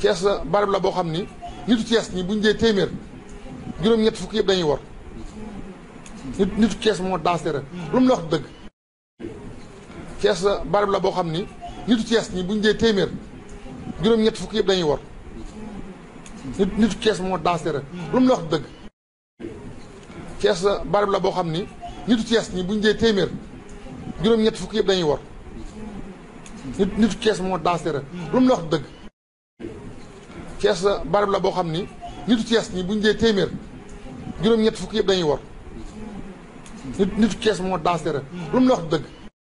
Thiès barab la boo xam ni nitu Thiès ñi bu téeméer juróom fukk yëpp dañuy wor nit nitu moo dansera lu mu la wax dëgg boo xam ni nitu Thiès ñi bu dee téeméer juróom-ñett fukk yëpp dañuy wor nit nitu moo dansera lu mu la wax dëgg Thiès barab la boo xam ni nitu Thiès ñi bu téeméer juróom-ñett fukk dañuy wor nit nitu Thiès moo dansera lu dëgg Thiès barab la boo xam ni nitu Thiès ñi bu ñu dee téeméer juróom-ñett fukk yëpp dañuy wor nit nitu Thiès moo dansé rek lu mu la wax dëgg